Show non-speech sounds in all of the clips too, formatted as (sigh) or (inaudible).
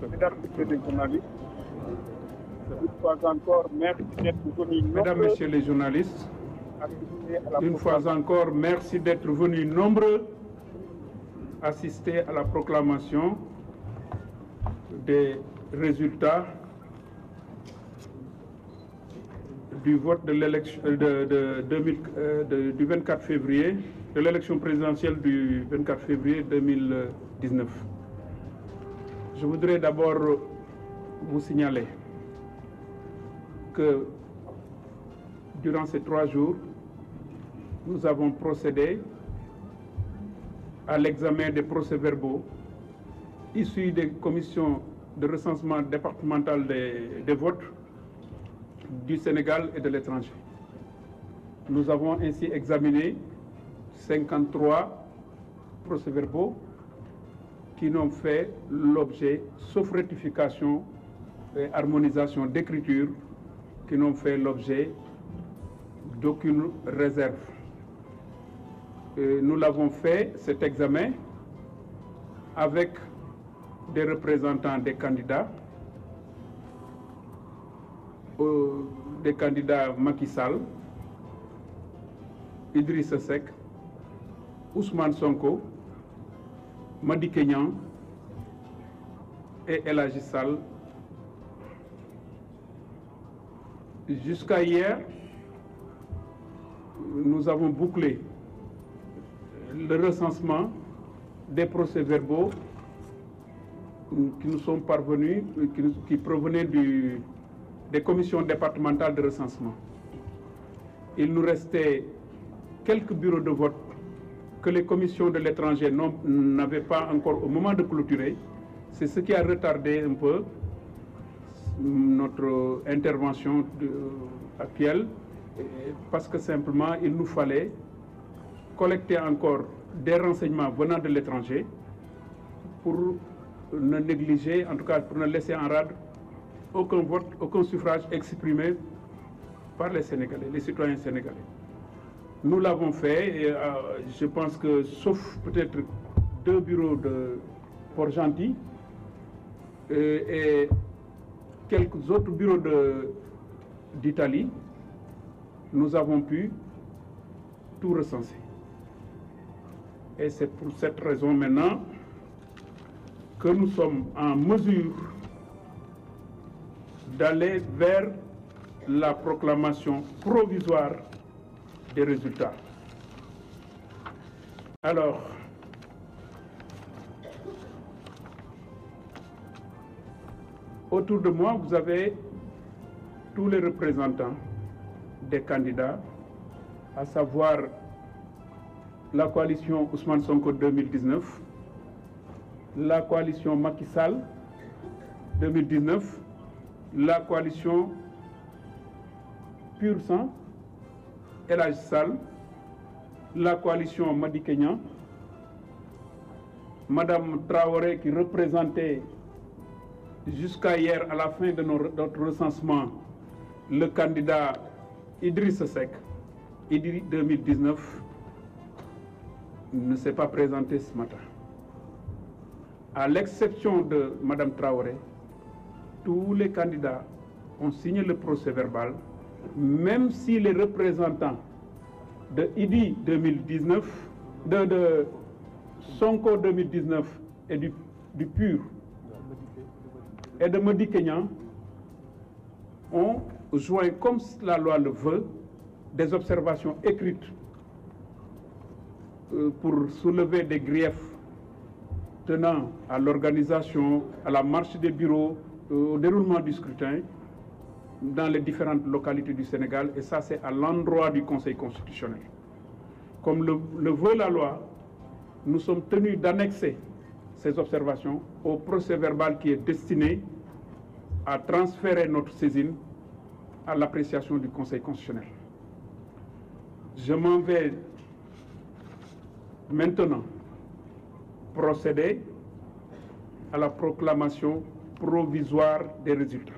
Mesdames, Messieurs les journalistes, fois encore, merci d'être venus nombreux assister à la proclamation des résultats du vote de l'élection euh, de, de, de, euh, de, du 24 février, de l'élection présidentielle du 24 février 2019. Je voudrais d'abord vous signaler que durant ces trois jours, nous avons procédé à l'examen des procès-verbaux issus des commissions de recensement départemental des, des votes du Sénégal et de l'étranger. Nous avons ainsi examiné 53 procès-verbaux qui n'ont fait l'objet, sauf rectification et harmonisation d'écriture, qui n'ont fait l'objet d'aucune réserve. Et nous l'avons fait, cet examen, avec des représentants des candidats, euh, des candidats Macky Sall, Idriss Seck, Ousmane Sonko, Madi Kenyan e El Agissal. Jusqu'à hier, nous avons bouclé le recensement des procès-verbaux qui nous sont parvenus, qui, nous, qui provenaient des commissions départementales de recensement. Il nous restait quelques bureaux de vote que les commissions de l'étranger n'avaient pas encore au moment de clôturer. C'est ce qui a retardé un peu notre intervention de, euh, actuelle parce que simplement il nous fallait collecter encore des renseignements venant de l'étranger pour ne négliger, en tout cas pour ne laisser en rade aucun vote, aucun suffrage exprimé par les Sénégalais, les citoyens sénégalais. Nous l'avons fait et euh, je pense que, sauf peut-être deux bureaux de Port-Gentil euh, et quelques autres bureaux d'Italie, nous avons pu tout recenser. Et c'est pour cette raison maintenant que nous sommes en mesure d'aller vers la proclamation provisoire des résultats. Alors, autour de moi, vous avez tous les représentants des candidats, à savoir la coalition Ousmane Sonko 2019, la coalition Macky Sall 2019, la coalition Pur Sang El Hadj la coalition Madi Kenya Madame Traoré qui représentait jusqu'à hier à la fin de notre recensement le candidat Idriss Seck Idriss 2019 ne s'est pas présenté ce matin. À l'exception de Madame Traoré, tous les candidats ont signé le procès verbal même si les représentants de IDI 2019, de, de Sonko 2019 et du, du PUR et de Modi Kenyan ont joint, comme la loi le veut, des observations écrites euh, pour soulever des griefs tenant à l'organisation, à la marché des bureaux, euh, au déroulement du scrutin, dans les différentes localités du Sénégal et ça c'est à l'endroit du Conseil constitutionnel. Comme le, le veut la loi, nous sommes tenus d'annexer ces observations au procès-verbal qui est destiné à transférer notre saisine à l'appréciation du Conseil constitutionnel. Je m'en vais maintenant procéder à la proclamation provisoire des résultats.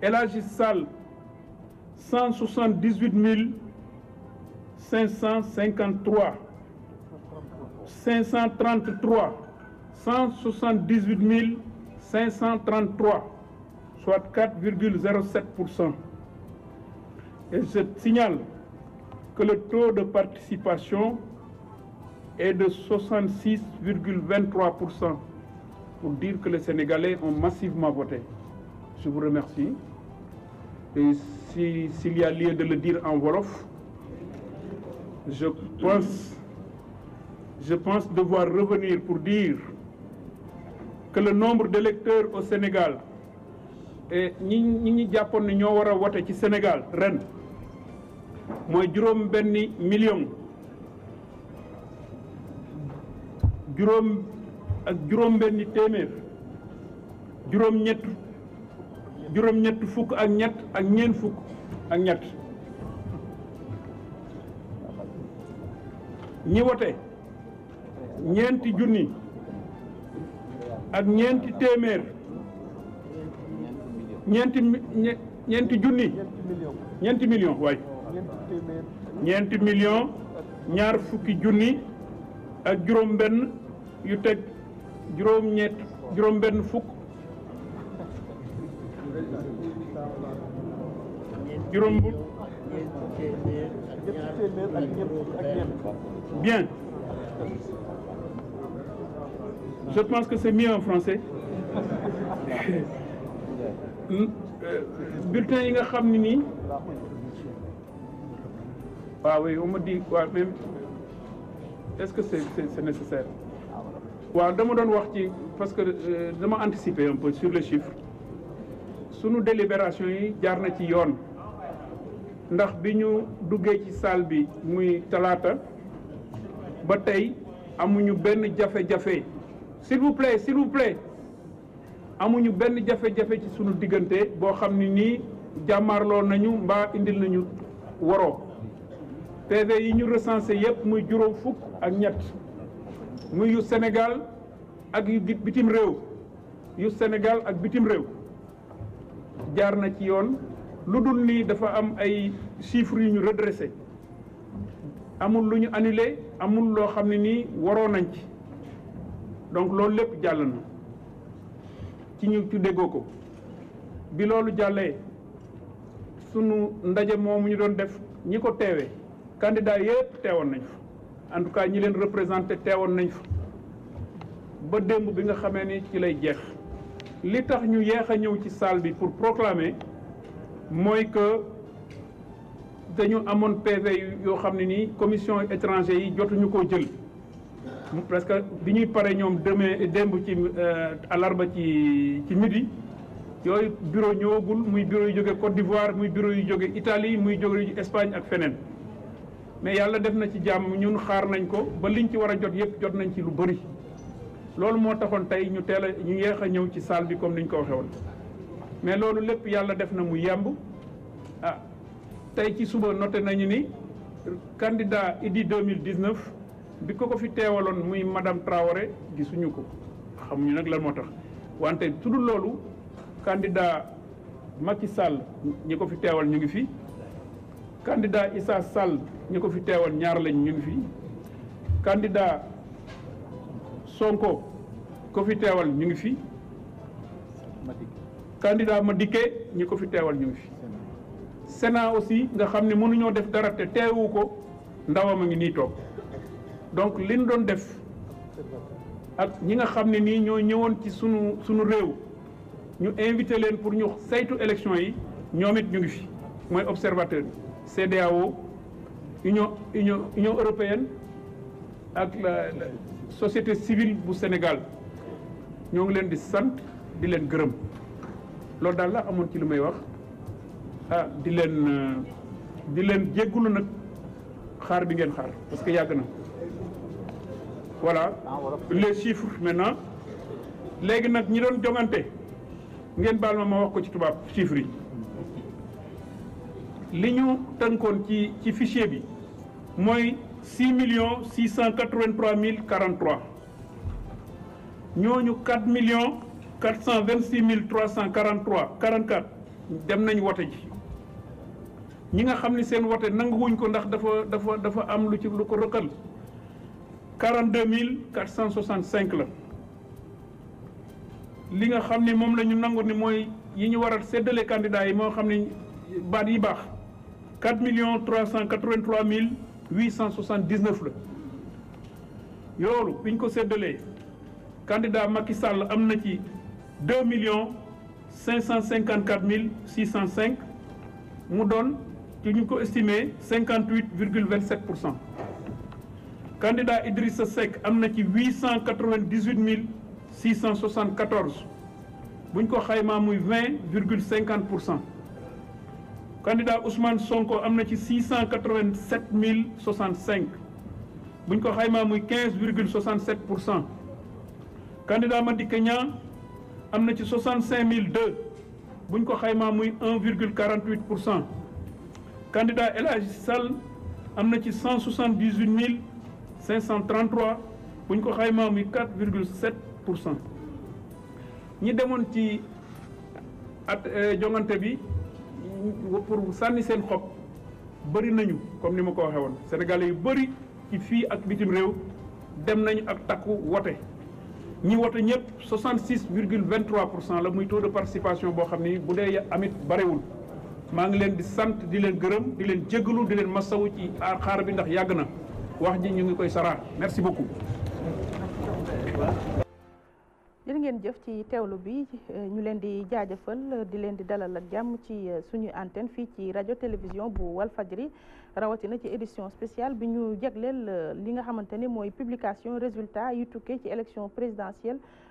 El Hadji Sall cent soixante mille cinq cent cinquante trois cinq cent trente mille cinq cent trente trois pour cent et je de participation est de 66,23 pour cent pour dire que les Sénégalais ont massivement voté. Et si, y a lieu de le dire en Wolof, je pense, je pense devoir revenir pour dire que le nombre d'électeurs au Sénégal et ñi ñi ñi jàppoon ne ñoo war a wote ci Sénégal ren mooy juróom benni million juróom ak juróom benni téeméer juróom ñett juróom-ñett fukk ak ñett ak ñeent fukk ak ñett ñi wote ñeenti junni ak ñeenti téeméer ñeenti ñeenti junni ñeenti million waay ñeenti million ñaar fukki junni ak juróom benn yu teg juróom ñett juróom benn fukk juróom bu bien je pense que c'est mieux en français (laughs) bulletin yi nga xam ne nii waaw ah oui on me dit quoi même est-ce que c'est c'est c'est nécessaire waaw dama doon wax ci parce que euh, dama anticiper un peu sur les chiffres sunu délibération yi jaar na ci yoon ndax bi ñu duggee ci saal bi muy talaata ba tey amuñu benn jafe-jafe s'il vous amuñu benn jafe-jafe ci sunu diggante boo xam ne nii jàmmaarloo nañu mbaa indil nañu waroo PV yi ñu recensé yëpp muy juróom fukk ak ñett muy yu Sénégal ak yu bitim réew yu Sénégal ak bitim réew jaar na ci yoon lu dul nii dafa am ay chiffres yi ñu redressé amul lu ñu annulé amul loo xam ne nii waroo nañ ci donc loolu lépp jàll na ci ñu ci déggoo ko bi loolu jàllee sunu ndaje moomu ñu doon def ñi ko teewee candidat yëpp teewoon nañ fa en tout cas ñi leen représenté teewoon nañ fa ba démb bi nga xamee ni ci lay jeex li tax ñu yeex a ñëw ci salle bi pour proclamer mooy que te dañu amoon PV yoo xam ne nii commission étranger yi jotuñu koo jël parce bi ñuy paree ñoom demain démb ci alarba euh, ci ci midi yooyu bureau ñëwagul muy bureau yu jóge Côte d'Ivoire muy bureau yu jóge Italie muy jóge yu Espagne ak feneen mais yàlla def na ci jàmm ñun xaar nañ ko ba liñ ci war a jot yëpp jot nañ ci lu bëri loolu moo taxoon tey ñu teel a ñu yeex a ñëw ci salle bi comme ni ñu ko waxee woon mais loolu lépp yàlla def na mu yemb ah, tey ci suba noté nañu ni candidat Idy 2019 bi ko ko fi teewaloon muy madame Traoré gisuñu ko xam xamuñu nag lan moo tax wante su dul loolu candidat Macky Sall ñi ko fi teewal ñu ngi fi candidat Issa Sall ñi ko fi teewal ñaar lañ ñu ngi fi candidat Sonko ko fi teewal ñu ngi fi candidat Madické ñi ko fi teewal ñu ngi fi Sénat aussi nga xam ne mënuñoo def dara te teewu ko ndawam a ngi nii toog donc liñ doon def ak ñi nga xam ne nii ñoo ñëwoon ci suñu suñu réew ñu invité leen pour ñu saytu élection yi ñoomit ñu ngi fi mooy observateur bi CEDEAO union union union européenne ak la société civile bu Sénégal ñoo ngi leen di sant di leen gërëm loolu daal la amoon ci li may wax ah di leen ah, di leen jéggulu nag xaar bi ngeen xaar parce que yàgg na voilà les chiffres maintenant léegi nag ñi doon jongante ngeen baal ma ma wax ko ci tubaab chiffres yi li ñu tënkoon ci ci fichier bi mooy six millions six cent quatre-vingt-trois mille quarante-trois ñooñu quatre million quatre cent vingt-six mille trois cent quarante-trois quarante-quatre dem nañ wote ji ñi nga xam ni seen wote nanguwuñ ko ndax dafa dafa dafa am lu ci lu ko rëkkal 42 465 la li nga xam ne moom la ñu nangu ni mooy yi ñu war a séddale candidats yi moo xam ni baat yi baax 4 millions 383 mille 879 la yoolu bi ñu ko séddalee candidat Macky Sall am na ci 2 millions 554 mille 605 mu doon que ñu ko estimé cinquante huit virgule vingt sept pour cent candidat Idrissa Seck am na ci huit cent quatre vingt dix mille six cent soixante quatorze bu ñu ko xaymaa muy vingt virgule cinquante pour cent candidat Ousmane Sonko am na ci six cent quatre vingt mille soixante cinq bu ñu ko xaymaa muy quinze virgule soixante sept pour cent candidat Madické Niang am na ci soixante cinq mille deux bu ñu ko xaymaa muy un virgule quarante huit pour cent. candidat El Hadji Sall am na ci cent soixante dix huit mille cinq cent bu ñu ko xaymaa muy quatre virgule sept pour cent ñi demoon ci at euh, jongante bi pour sànni seen xob bëri nañu comme li ma ko waxee woon sénégalais yu bëri ci fii ak bitim réew dem nañu ak takku wote ñi wote ñëpp soixante six virgule vingt trois cent la muy taux de participation boo xam ni bu dee amit bariwul maa ngi leen di sant di leen gërëm di leen jégalu di leen masawu ci aar xaar bi ndax yàgg na wax ji ñu ngi koy saraa merci beaucoup. jërë ngeen jëf ci teewlu bi ñu leen di jaajëfal di leen di dalal ak jàmm ci eh, suñu antenne fii ci rajo télévision bu Walfadjri rawatina ci édition spéciale bi ñu jagleel eh, li nga xamante ne mooy publication résultat yu tukkee ci élection présidentielle.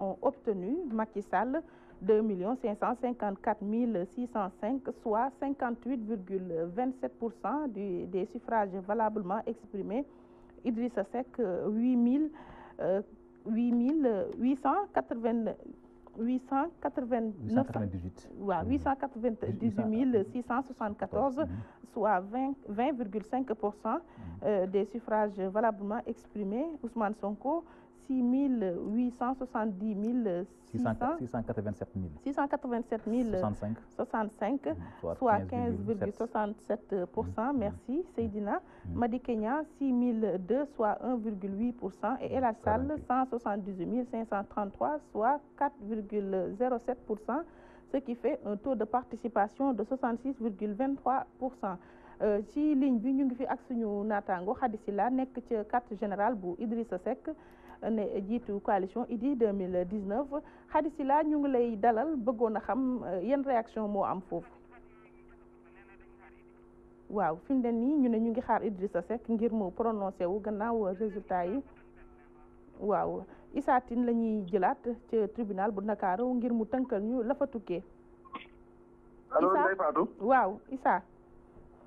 ont obtenu Macky Sall 2 554 605, soit 58,27% du, des suffrages valablement exprimés. Idrissa Seck, 8 euh, 880 898 waaw 898 674 soit 20 20,5 pour cent mm. euh, des suffrages valablement exprimés Ousmane six mille huit cent mille. six cent six cent quatre vingt sept mille. six cent quatre vingt sept mille. soixante cinq soixante cinq. Mhm. soit quinze virgule soixante sept pour cent. Mhm. merci mhm. Seydina. Madi Kenya mille deux soit un virgule huit pour cent. et El Hadj Sall cent soixante mille cinq cent trente trois soit quatre pour cent. ce qui fait un taux de participation de 66,23 pour cent euh, ci ligne bi ñu ngi fi ak suñu naataango Khady Sylla nekk ca général générale bu Idrissa Seck ne jiitu coalition IDI 2019 Khady Sylla ñu ngi lay dalal bëggoon a xam euh, yan réaction moo am foofu waaw fi mu ne nii ñu ne ñu ngi xaar Idrissa Seck ngir mu prononcé wu gannaaw résultat yi waaw Issa la ñuy jëlaat ca tribunal bu Ndakaaru ngir mu tënkal ñu la fa tukkee allo Ndeye Fatou waaw Issa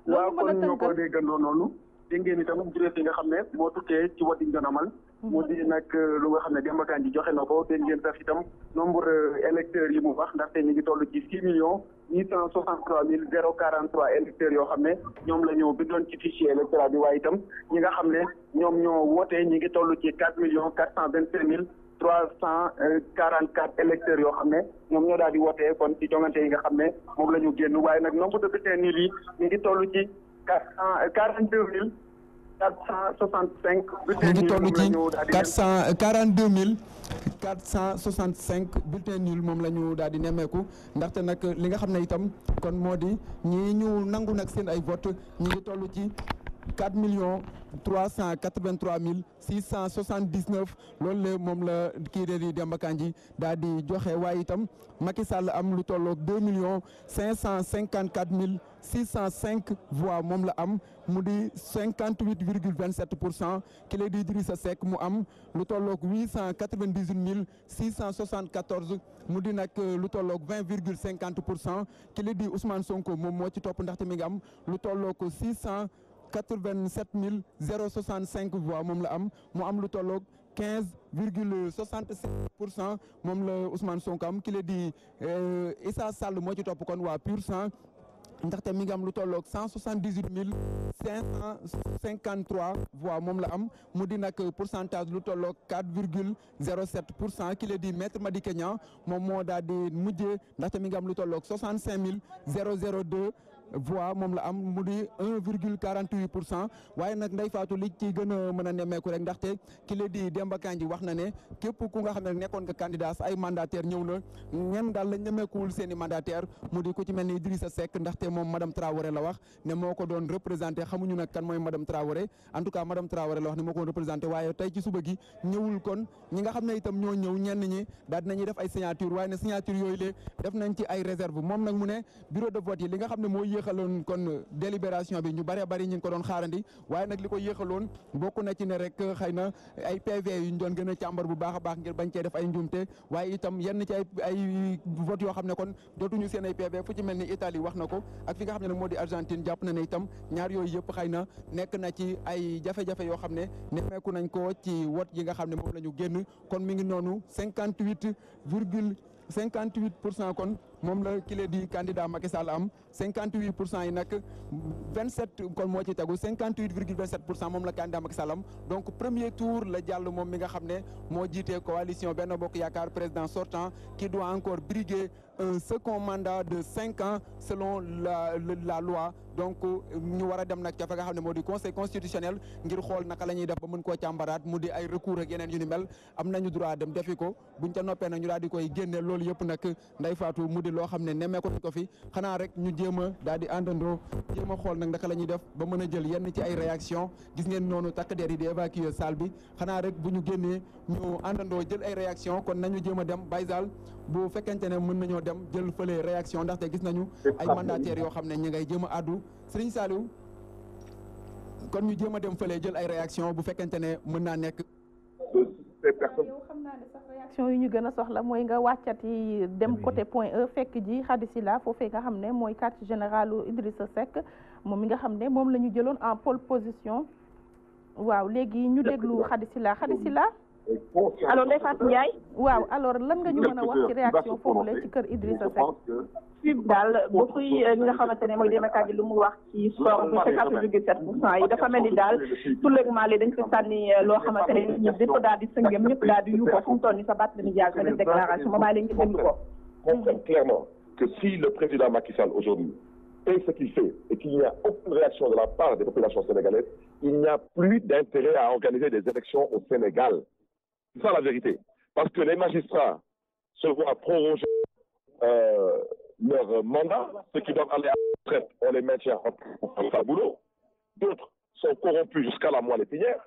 waaw kon ñoo ko déggandoo noonu dégg ngeen nga xam ne moo tukkee ci wati njonamal mu di nag euh, lu nga xam ne Demba Kandji joxe na ko te ngeen sax itam nombre euh, électeurs yi mu wax ndaxte ñi ngi toll ci six millions huit cent soixante trois mille zéro quarante trois électeurs yoo xam ne ñoom la ñu doon ci fichier électoral bi waaye itam ñi nga xam ne ñoom ñoo woote ñi ngi toll ci quatre millions quatre cent vingt cinq mille trois cent euh, quarante quatre électeurs yoo xam ne ñoom ñoo daal di woote kon ci jongante yi nga xam ne moom la ñu génn waaye nag nombre de bulletins nuls yi ñu ngi toll ci quatre cent quarante deux mille 465. bulletin nul moom la ñu daal di toll ci 442 mille 465 bulletin nul moom la ñu daal di nemmeeku ndaxte nag li nga xam ne itam kon moo di ñii ñu nangu nag seen ay vote ñi ngi toll ci. million 4 millions 383 mille 679 loolu la moom la kii de di Demba Kandji daal di joxe waay itam Macky Sall am lu tolloog cent millions 554 mille cent 605 voix moom la am mu di cinquante huit virgule vingt sept pour cent ki lay di Idrissa Seck mu am lu tolloog huit cent quatre vingt dix mille six cent soixante quatorze mu di nag euh, lu tolloog vingt virgule cinquante pour cent ki lay di Ousmane Sonko moom moo ci topp ndaxte mi ngi am lu tolloog six cent quatre vingt sept mille zéro soixante cinq voix moom la am mu am lu tolloog quinze virgule soixante six pour cent moom la Ousmane Sonko am ki lay di euh, Issa Sall moo ci topp kon waa Pur Sang ndaxte mi ngi am lu tolloog cent soixante dix huit mille cinq cent cinquante trois moom la am mu di nag pourcentage lu tolloog quatre virgule zéro sept pour cent ki la di maître Madické Niang moom moo daal di mujjee ndaxte mi ngi am lu tolloog soixante cinq mille zéro zéro deux voix moom la am waaye nag Ndeye Fatou li ci gën a mën a nemmeeku rek ndaxte ki la Demba Kandji wax na ne képp ku nga xam ne nekkoon nga candidat ay mandataire ñëw na ñen daal la nemmeekuwul seen i mandataire mu di ku ci mel ni Idrissa Seck ndaxte moom madame Traoré la wax ne moo ko doon représenté xamuñu nag kan mooy madame Traoré en tout cas madame Traoré la wax ne moo ko doon représenté waaye tey ci suba gi ñëwul kon ñi nga xam ne itam ñoo ñëw ñenn ñi daal dinañuy def ay signature waaye ne signature yéexaloon kon délibération bi ñu bëree bëri ñu ngi ko doon xaarandi waaye nag li ko yéexaloon bokk na ci ne rek xëy na ay PV yu ñu doon gën a càmbar bu baax a baax ngir bañ cee def ay njuumte waaye itam yenn ci ay ay vote yoo xam ne kon dootuñu seen ay PV fu ci mel ni Italie wax na ko ak fi nga xam ne nag moo di Argentine jàpp na itam ñaar yooyu yëpp xëy na nekk na ci ay jafe yoo xam ne nemmeeku nañ ko ci wot yi nga xam ne moom la ñu génn kon mi ngi noonu cinquante huit virgule cinquante huit pour cent kon moom la ki di candidat Macky Sall am 58 pour cent yi nag 27 kon moo ci tegu 58 virgule 27 pour cent moom la candidat Macky Sall am donc premier tour la jàll moom mi nga xam ne moo jiite coalition Benno Bokk Yaakaar président sortant ki doit encore briguer un second mandat de cinq ans selon la la loi donc ñu war a dem nag cafe fa nga xam ne moo di conseil constitutionnel ngir xool naka la ñuy def ba mën ko càmbaraat mu di ay recours ak yeneen yu ni mel am nañu droit dem defi ko buñ ca noppee nag ñu daal di koy génne loolu yëpp nag nday faatu mu di loo xam ne nemmeeku ko fi xanaa rek ñu jéem a daal di àndandoo jéem xool nag naka la ñuy def ba mën a jël yenn ci ay réaction gis ngeen noonu takk der yi di évacuer salle bi xanaa rek bu ñu génnee ñu àndandoo jël ay réaction kon nañu jéem a dem baysal bu mën nañoo dem jël fële réaction ndaxte gis nañu ay mandataires yoo xam ne ñi ngay jëm a àddu Serigne kon ñu jéem a dem fële jël ay réaction bu fekkente ne mën naa nekk xam naa ne réaction yi ñu gën a soxla mooy nga wàccati dem côté point E fekk ji Hadisila foofee nga xam ne mooy quartier général sa Seck moom mi nga xam ne moom la ñu jëloon en pole position waaw léegi ñu déglu Hadisila Hadisila alors Ndeye Fatou Ndiaye waaw alors lan nga ñu mën a wax ci réaction foofu la ci kër Idrissa Seck FUB daal ba kuy euh, ñi nga xamante ne mooy démakat bi lu mu wax ci sport bu cinquante virgule sept pour cent yi dafa mel ni daal soulèvement li dañ ko sànni euh, loo xamante ne ñi dépp daal di sëngëm ñëpp daal di yuuxoo fu mu toll ni sa baat dañu jaar sa def déclaration ma bàyyi leen ñu déglu ko comprend clairement que si le président Macky Sall aujourd'hui fait ce qu'il fait et qu'il n'y a aucune a plus d'intérêt C'est la vérité. Parce que les magistrats se voient proroger euh, leur mandat, ceux qui doivent aller à la retraite, on les maintient en leur boulot. D'autres sont corrompus jusqu'à la moelle épinière.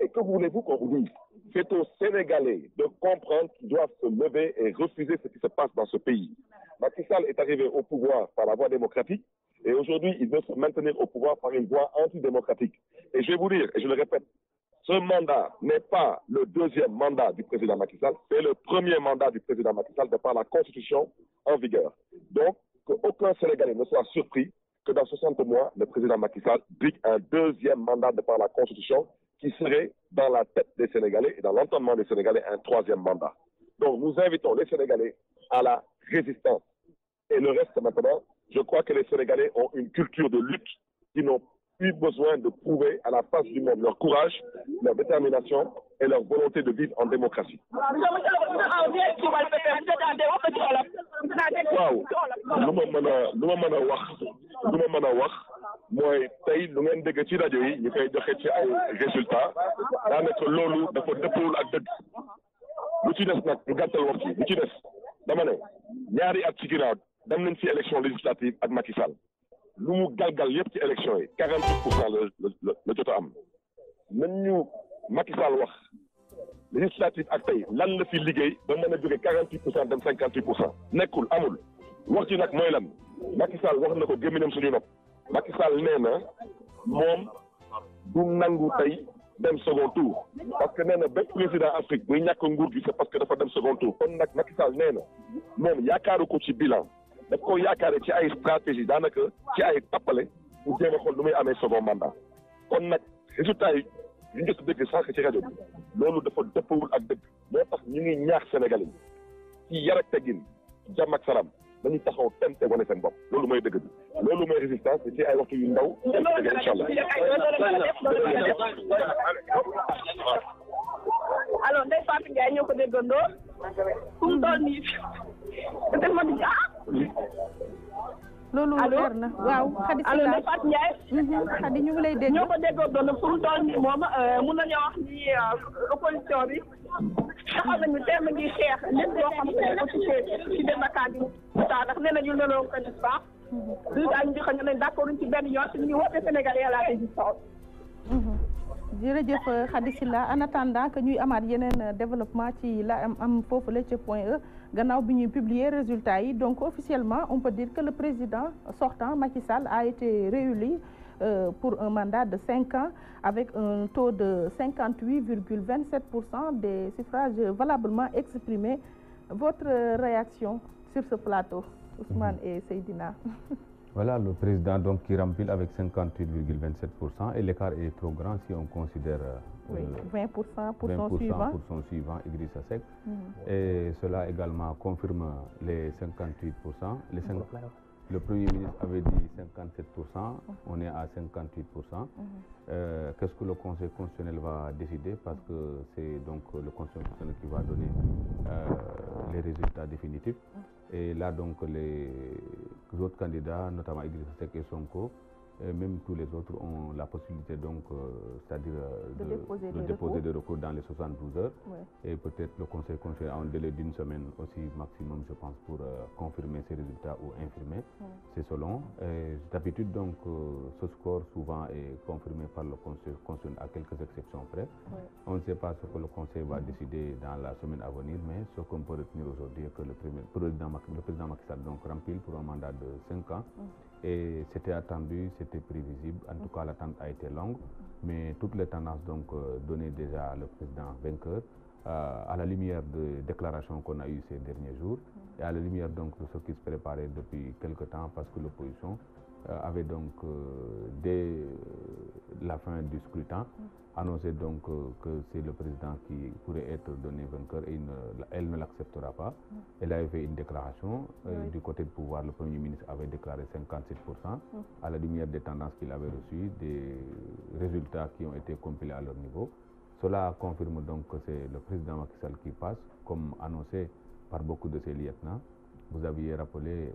Et que voulez qu'on vous dise C'est aux Sénégalais de comprendre qu'ils doivent se lever et refuser ce qui se passe dans ce pays. Macky est arrivé au pouvoir par la voie démocratique et aujourd'hui, il veut se maintenir au pouvoir par une voie antidémocratique. le répète, Ce mandat n'est pas le deuxième mandat du président Macky Sall, c'est le premier mandat du président Macky Sall de par la Constitution en vigueur. Donc, qu'aucun Sénégalais ne soit surpris que dans mois, le président Macky Sall un deuxième mandat de par la Constitution qui serait dans la tête des Sénégalais et dans l'entendement des Sénégalais un troisième mandat. Donc, nous invitons les Sénégalais à la résistance. Et le reste maintenant, je crois que les eu besoin de prouver à la face du monde leur courage, leur détermination et leur volonté de vivre en démocratie. waaw lu ma mën a lu ma mën a wax lu ma mën a wax mooy tey lu ngeen dégg ci rajo yi ñu koy joxe ci ay résultats daanaka loolu dafa dëppul ak dëgg lu ci des nag lu gàttal wax ci lu ci des dama ne ñaari at ci ginnaaw dem nañ ci élection législative ak Macky Sall. lu mu galgal yëpp ci élection yi quarante huit pour cent la la la jot am nan ñu Macky Sall wax législative ak tey lan la fi liggéey ba mën a jóge quarante huit pour cent dem cinquante huit pour cent nekkul amul wax ci nag mooy lan Macky Sall wax na ko gémmiñam suñu nopp Macky Sall nee na moom du nangu tey dem second tour parce que nee na bépp président Afrique buy ñàkk nguur gi c'est parce que dafa dem second tour kon nag Macky Sall nee na moom yaakaaru ko ci daf koo yaakaare ci ay stratégie daanaka ci ay tappale u jéem a xool lu muy amee second mandat kon nag résultat yi ñu jot a dégg ci rajo bi loolu dafa dëppawul ak dëgg moo tax ñu ngi ñaax Sénégal yi ci yar ak teggin jàmm ak salaam dañuy taxaw tem te wane seen bopp loolu mooy dëgg bi loolu mooy résistance ci ay waxtu yu ndaw dem dëgg incha allah alors Ndeye Fatou fu mu toll nii dafa di ah. loolu leer na waaw Khady Sylla allo Fatou Ndiaye. Mhm, Khady ñu ngi lay dégg. ñoo ko déggoo doon fu mu toll nii moom euh, mun nañoo wax ni euh, opposition bi taxaw nañu teem a ngi xeex lépp loo xam ne ko ci ci démbakaan bi saa ndax nee nañu looloo mhm. ne d'accord ci benn yoon ci li ñu woote Sénégal yàllaa koy mhm. jërëjëf Khady Sylla en ñuy amaat yeneen euh, développement ci la am am foofu la ca point E gannaaw bi ñuy publier résultats yi donc officiellement on peut dire que le président sortant Macky Sall a été réélu Euh, pour un de cinq avec un taux de cinquante huit virgule vingt sept pour cent des suffrages valablement exprimés votre euh, réaction sur ce (laughs) Voilà le président donc qui remplit avec 58,27% et l'écart est trop grand on considère euh, oui, 20% pour son suivant. Pour son suivant, Idrissa Seck. Mm -hmm. Et cela également confirme les 58%. Les 5... Le Premier ministre avait dit 57%, on est à 58%. Mm-hmm. Euh, Qu'est-ce que le Conseil constitutionnel va décider Parce que c'est donc le Conseil constitutionnel qui va euh, autres candidats, notamment Idrissa Seck et Sonko, Euh, même tous les autres ont la possibilité donc, euh, c'est-à-dire euh, de, déposer, de recours. dans les 72 heures. Ouais. Et peut-être le Conseil constitutionnel a un délai d'une semaine aussi maximum, je pense, pour confirmer ces résultats ou infirmer. C'est selon. D'habitude, donc, ce score souvent est confirmé par le Conseil constitutionnel à quelques exceptions près. Ouais. On ne sait pas ce que le Conseil va dans la semaine à venir, mais ce qu'on peut retenir aujourd'hui est que le, premier, président, le donc remplit pour un mandat de 5 ans. Et c'était attendu, c'était prévisible. En tout cas, l'attente a été longue. Mais toutes les tendances donc, euh, données déjà le président vainqueur, euh, à la lumière des déclarations qu'on a eues ces derniers jours, et à la lumière donc, de ce qui se préparait depuis quelques temps, parce que l'opposition Euh, avait donc, euh, dès euh, la fin du scrutin, mm. annoncé donc que c'est le président qui pourrait être donné vainqueur et ne, pas. Mm. Elle avait fait côté du pouvoir, le Premier ministre avait déclaré 57% mm. à la lumière des tendances qu'il avait reçues, des résultats qui ont été compilés donc que le président Macky Sall qui passe, comme annoncé par beaucoup de ses lieutenants. Vous aviez rappelé euh,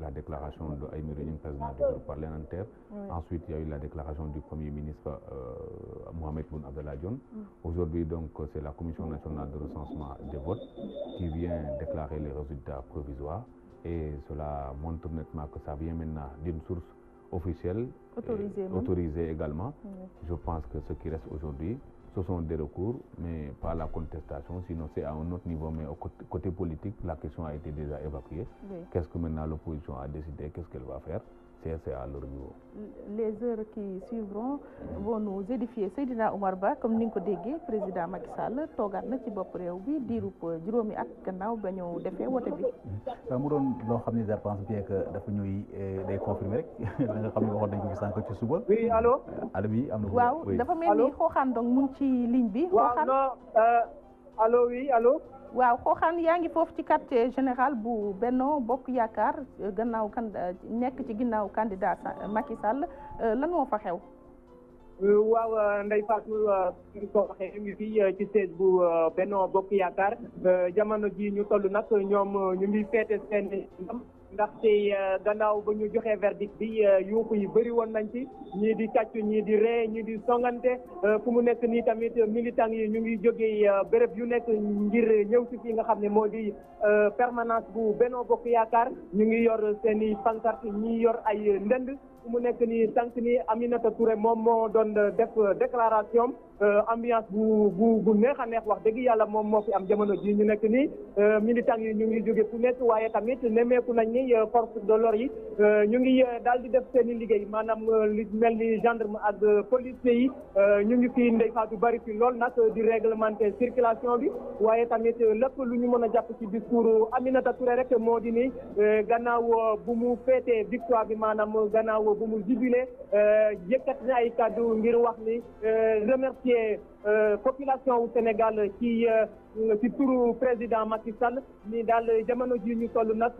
la déclaration de Aïmi président du groupe parlementaire. Oui. Ensuite, il y a eu la déclaration du Premier ministre euh, Mohamed Boun Abdallah Dion. Mm. Aujourd'hui, donc, c'est la Commission nationale de recensement des votes qui vient déclarer les résultats provisoires. Et cela montre nettement que ça vient maintenant d'une source officielle, autorisée, autorisée également. Mm. Je pense que ce qui reste aujourd'hui, ce sont des recours, mais pas la contestation, sinon c'est à un autre niveau. Mais au côté, côté la question a été déjà évacuée. Oui. Qu'est-ce que a décidé, qu'est-ce va faire CSA à leur niveau. les heures qui suivront vont nous édifier Seydina Omar Ba comme ni nga ko déggee président Macky Sall toogaat na ci bopp réew bi diirub juróomi at gannaaw ba ñu defee wote bi. waaw euh, mu doon loo xam ne je pense bien que dafa ñuy euh, day confirmer rek da (laughs) nga xam ne waxoon nañ ko fi ci suba. oui euh, allo allo bi am na. waaw dafa mel ni ci ligne bi. xooxaan waaw non waaw xooxaan yaa ngi foofu ci quartier général bu Benno Bokk Yaakaar gannaaw kan nekk ci ginnaaw candidat Macky Sall euh, lan moo fa xew. Euh, waaw euh, Ndeye Fatou ko waxee ñu ngi fii ci siège bu Benno Bokk Yaakaar jamono ji ñu toll nag ñoom ñu ngi féete seen ndax ndaxte euh, gannaaw ba ñu joxee verdict bi euh, yuuxu yi bëri woon nañ ci ñii di tàccu ñii di ree ñii di songante euh, fu mu nekk nii tamit militant yi ñu ngi jógee béréb yu nekk ngir ñëw ci fii nga xam ne moo di permanence bu Benno Bokk Yaakaar ñu ngi yor seen i pancarte ñi yor ay ndënd fu mu nekk nii nii ni Aminata Touré moom moo doon def déclaration Euh, ambiance bu bu bu neex a neex wax dëgg yàlla moom moo fi am jamono ji ñu nekk nii euh, militants yi ñu ngi jóge fu nekk waaye tamit nemeeku nañ ni euh, force de l'ordre yi ñu ngi daal di def seen i liggéey maanaam li mel ni gendarme ak police yi ñu ngi fi ndey faatu bari fi lool nag di réglementer circulation bi waaye tamit lépp lu ñu mën a jàpp ci discours Aminata Touré rek moo di ni gannaaw bu mu féetee victoire bi maanaam gannaaw bu mu jubilé yëkkat na ay kàddu wax ni remercier euh, population wu Sénégal ci euh, ci turu président Macky Sall ni dal jamono ji ñu toll nag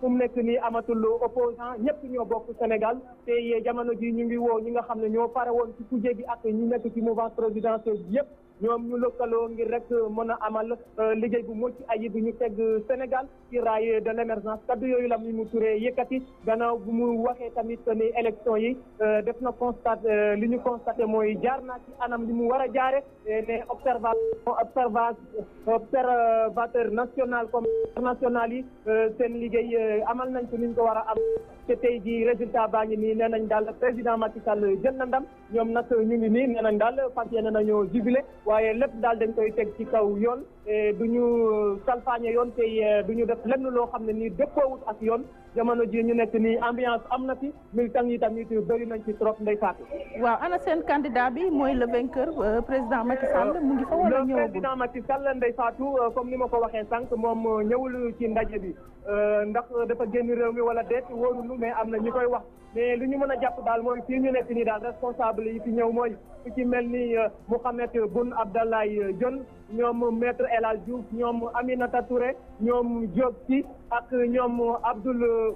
fu mu nekk nii amatul opposant ñëpp ñoo bokk Sénégal te jamono ji ñu ngi woo ñi nga xam ne ñoo pare woon ci kuje bi ak ñu nekk ci mouvance présidentielle bi yëpp ñoom ñu lëkkaloo ngir rek mën a amal euh, liggéey bu mucc ayib ñu teg euh, Sénégal ci raay de l'émergence kaddu yooyu la mu turee yëkkati gannaaw bu mu waxee tamit ni élection yi euh, def na constat li ñu constaté mooy jaar naa ci anam li mu war a jaare ne observateur observateur national comme international yi seen liggéey amal nañ ko ni ñu ko war a am te tey jii résultat baa ngi nii nee nañ daal président Macky Sall jël na ndam ñoom nag ñu ngi nii nee nañ daal fas yéene nañoo waaye lépp daal dañ koy teg ci kaw yoon du ñu salfaañe yoon te euh, du ñu def lenn loo xam ne nii dëppoowut ak yoon jamono ji ñu nekk nii ambiance am na fi militant yi tamit bëri nañ ci trop ndey Fatou. waaw ana seen candidat bi mooy le vainqueur euh, président Macky Sall mu ngi fa la euh, ñëwagul le président Macky Sall ndey Fatou euh, comme ni ma ko waxee sànq moom ñëwul ci ndaje bi ndax dafa génn réew mi wala déet wóorul mais am na ñu koy wax mais li ñu mën a jàpp daal mooy fii ñu nekk nii daal responsable yi fi ñëw mooy ku ci mel ni Mouhamed Boun Abdallah Dionne ñoom maître El Hadj Diouf ñoom Aminata Touré. ñoom Diop fi ak ñoom Abdoul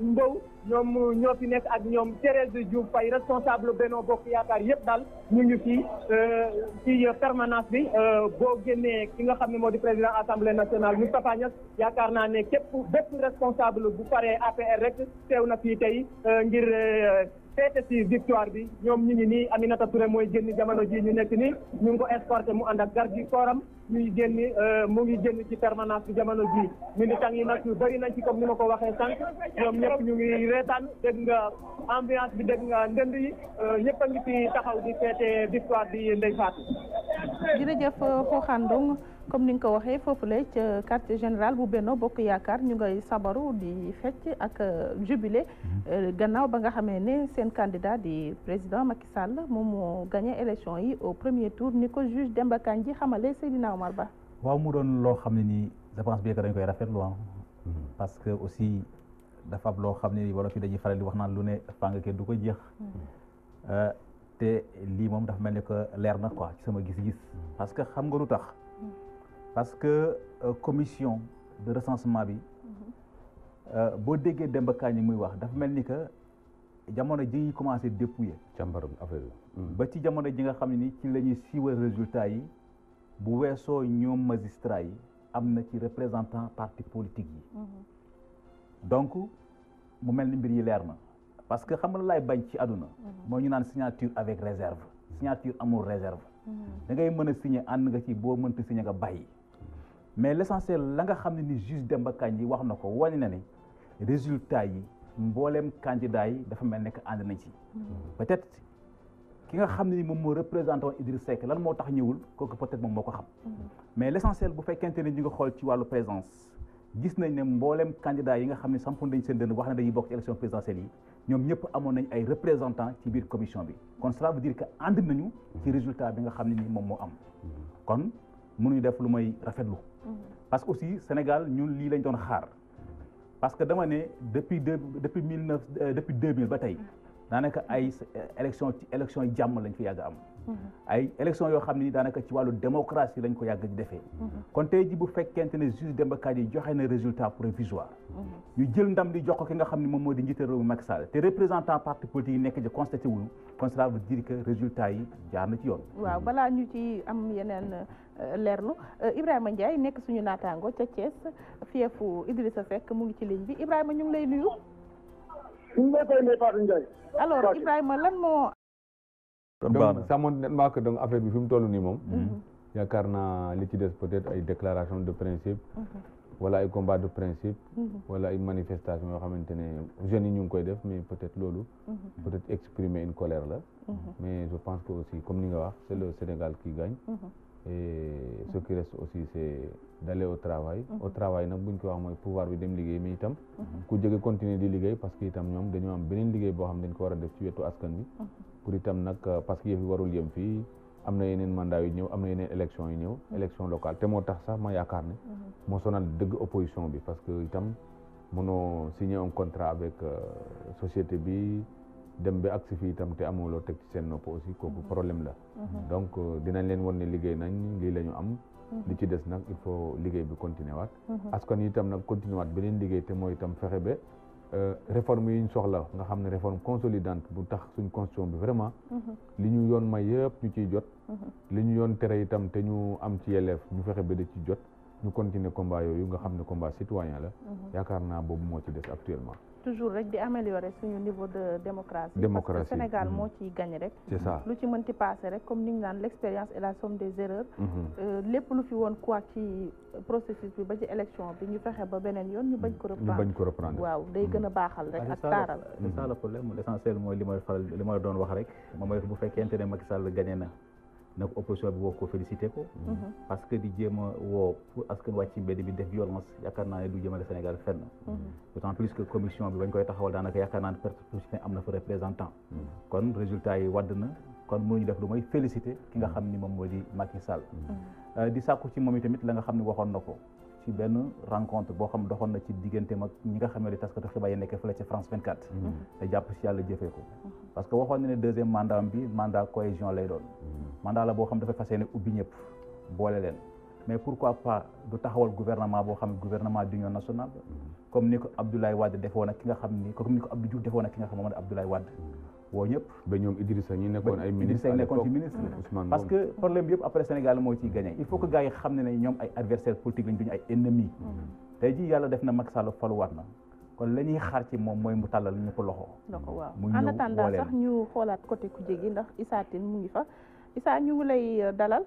Mbow ñoom ñoo fi nekk ak ñoom Thérèse Diouf Faye responsable benn Bokk Yaakaar yëpp daal ñu ngi fii euh, ci permanence bi euh, boo génnee ki nga xam ne moo di président assemblée nationale Moustapha Niass yaakaar naa ne képp bépp responsable bu paree APR rek sew na fii tey euh, ngir. feete ci victoire bi ñoom ñu ngi nii Aminata Touré mooy génn jamono ji ñu nekk nii ñu ngi ko escorté mu ànd ak garde du corps am ñuy génn euh, mu ngi génn ci permanence bi jamono ji militant yi nag bëri ci comme ni ma ko waxee sànq ñoom ñëpp ñu ngi reetaan dégg nga ambiance bi dégg nga ndënd yi euh, ñëpp a ngi ci taxaw di feete victoire bi Ndeye Fatou jërëjëf Fokhandong comme ni nga ko waxee foofule ca quartier général bu Benno Bokk Yaakaar ñu ngay sabaru di fecc ak euh, jubilé mhm. euh, gannaaw ba nga xamee ne seen candidat di président Macky Sall moom moo gagné élection yi au premier tour ni ko juge Demba ji xamale Seydina Omar Ba waaw mu doon loo xam ne nii je pense bien que dañ koy rafetlu ah mhm. parce que aussi dafa loo xam ne nii wala fi dañuy faral di wax naan lu ne fàng ke du ko jeex mhm. euh, te lii moom dafa mel ni que leer na quoi ci sama gis-gis parce que xam nga lu tax parce que euh, commission de recensement bi mm-hmm. euh, boo déggee Demba Kañ muy wax dafa mel ni que jamono ji ñuy commencé dépouiller càmbar affaire mm. ba ci jamono ji nga xam ni ci la ñuy siiwal résultat yi bu weesoo ñoom magistrat yi am na ci représentant parti politique yi mm-hmm. donc mu mel ni mbir yi leer na parce que xam nga laay bañ ci àdduna mm-hmm. moo ñu naan signature avec réserve signature amul réserve da ngay mën a signer ànd nga ci boo mënta signer nga bàyyi mais l' la nga xam ne ni juge Demba Kandji wax na ko wane na ni résultat yi mbooleem candidat yi dafa mel nekk ànd nañ ci. Mm-hmm. peut-être ki nga xam ne ni moom moo représenté woon lan moo tax ñëwul kooku peut-être moom moo ko xam. Mm-hmm. mais l' essentiel bu ne ñu nga xool ci wàllu présence gis nañ ne yi nga xam ne sampoon nañ seen dënn wax ne dañuy bokk ci élection présidentielle yi nañ ay représentants ci biir commission bi kon cela veut dire que ànd ci mm-hmm. résultat bi nga xam ne ni moom moo am kon mënuñu def lu may rafetlu. Mm-hmm. parce que aussi Sénégal ñun lii lañ doon xaar parce que dama depuis deux depuis mille neuf euh, depuis deux mille ba tey mm-hmm. daanaka ay euh, élection ci élection jàmm lañ fi yàgg am. Mm-hmm. ay élection yoo xam ne ni daanaka ci wàllu démocratie lañ ko yàgg defee mm-hmm. kon tey ji bu fekkente ne juge Demba Kandji joxe na résultat provisoire mm-hmm. ñu jël ndam di jox ko ki nga xam ne moom moo di njiital réew mi Macky Sall te représentant parti politique yi nekk ci constaté wuñu kon yi jaar na ci yoon waaw balaa ñu ci am yeneen euh, leerlu euh, Ibrahima Ndiaye nekk suñu naataango ca Thiès fiefu Idrissa Seck mu ngi ci ligne bi Ibrahima ñu ngi lay nuyu ñu ngi donc sàmmoon nettement que donc affaire bi fi mu toll nii moom mhm. yaakaar naa li ci des peut-être ay déclaration de principe mhm. wala ay combat de principe mhm. wala ay manifestation yoo xamante ne jeunes yi ñu ngi koy def mais peut-être loolu peut-être exprimer une colère la mais je pense que aussi comme ni nga wax c'est le Sénégal qui gagne et ce qui reste aussi c' est d' aller mhm. au travail. nag bu ñu ko wax mooy pouvoir bi dem liggéey mi itam. Mhm. ku jege continuer di liggéey parce que itam ñoom dañoo am beneen liggéey boo xam dañ ko war a def ci wetu askan bi. Mhm. pour itam nag euh, parce que yëf warul yem fii am na yeneen mandat yu ñëw am na yeneen élection yu ñëw. élection locale te moo tax sax ma yaakaar ne. moo sonal dëgg opposition bi parce que itam mënoo signer un contrat avec euh, société bi. dem ba acci fii itam te amuloo teg ci seen nopp aussi kooku mhm. problème la mhm. donc euh, dinañ leen won ne liggéey nañ lii la ñu am mhm. li ci des nag il faut liggéey bi continuer waat askan yi itam nag continuer waat beneen liggéey te mooy itam fexe ba euh, réforme yi ñu soxla nga xam ne réforme consolidante bu tax suñ constitution bi vraiment li ñu yoon may yëpp ñu ciy jot li ñu yoon tere itam te ñu am ci yelleef ñu fexe ba da ci jot ñu continuer combat yooyu nga xam ne combat citoyen la yaakaar naa moo ci des actuellement toujours rek di améliorer suñu niveau de démocratie. démocratie parce que Sénégal mhm. moo ciy gagné rek. c'est lu ci mënti passé rek comme ni ñu naan l'expérience et la somme des erreurs. Mhm. Euh, lépp lu fi woon quoi ci processus bi ba ci élection bi ñu fexe ba beneen yoon ñu bañ ko reprendre waaw day gën a mhm. baaxal rek ah, ak taaral. c'est ça le problème mooy li ma faral li ma doon wax rek moom mooy bu fekkente ne Macky Sall gagné na. na ko opposition bi woo ko félicité ko. Mhm. parce que di jéem a woo pour askan wàcc ci mbedd bi def violence yaakaar naa ne du jëmale Sénégal fenn. Mhm. d'autant plus que commission bi bañ koy taxawal daanaka yaakaar naa ne perte am na fa représentant. Mhm. kon résultat yi wadd na kon ñu def lu mooy félicité ki nga xam ni moom moo di Macky Sall. Euh, di sàkku ci moom tamit la nga xam ne waxoon na ko. ci benn rencontre boo xam doxoon na ci digganteem ak ñi nga xam ne di taskatu xibaar yi nekk fële ci France 24. Mhm. te jàpp si yàlla jëfee ko. Mhm. parce que waxoon na ne deuxième mandat bi mandat cohésion lay doon. Mhm. mandat la boo xam dafay fas yéene ubbi ñëpp boole leen mais pourquoi pas du taxawal gouvernement boo xam gouvernement d'union nationale comme ni ko Abdoulaye Wade defee woon ak nga xam ni comme ni ko Abdou Diouf defee woon ak woo ñëpp ba ñoom Idrissa ñi nekkoon ay ministre parce que problème yëpp après Sénégal mooy ciy gagné il faut que gars yi xam ne ne ñoom ay adversaire politique lañ duñu ay ennemi mm-hmm. tey ji yàlla def na Macky Sall faluwaat na kon la ñuy xaar ci moom mooy mu tàllal ñëpp loxo waaw en sax ñu xoolaat côté ku jégi ndax Issa Tine mu ngi fa Issa ñu lay euh, dalal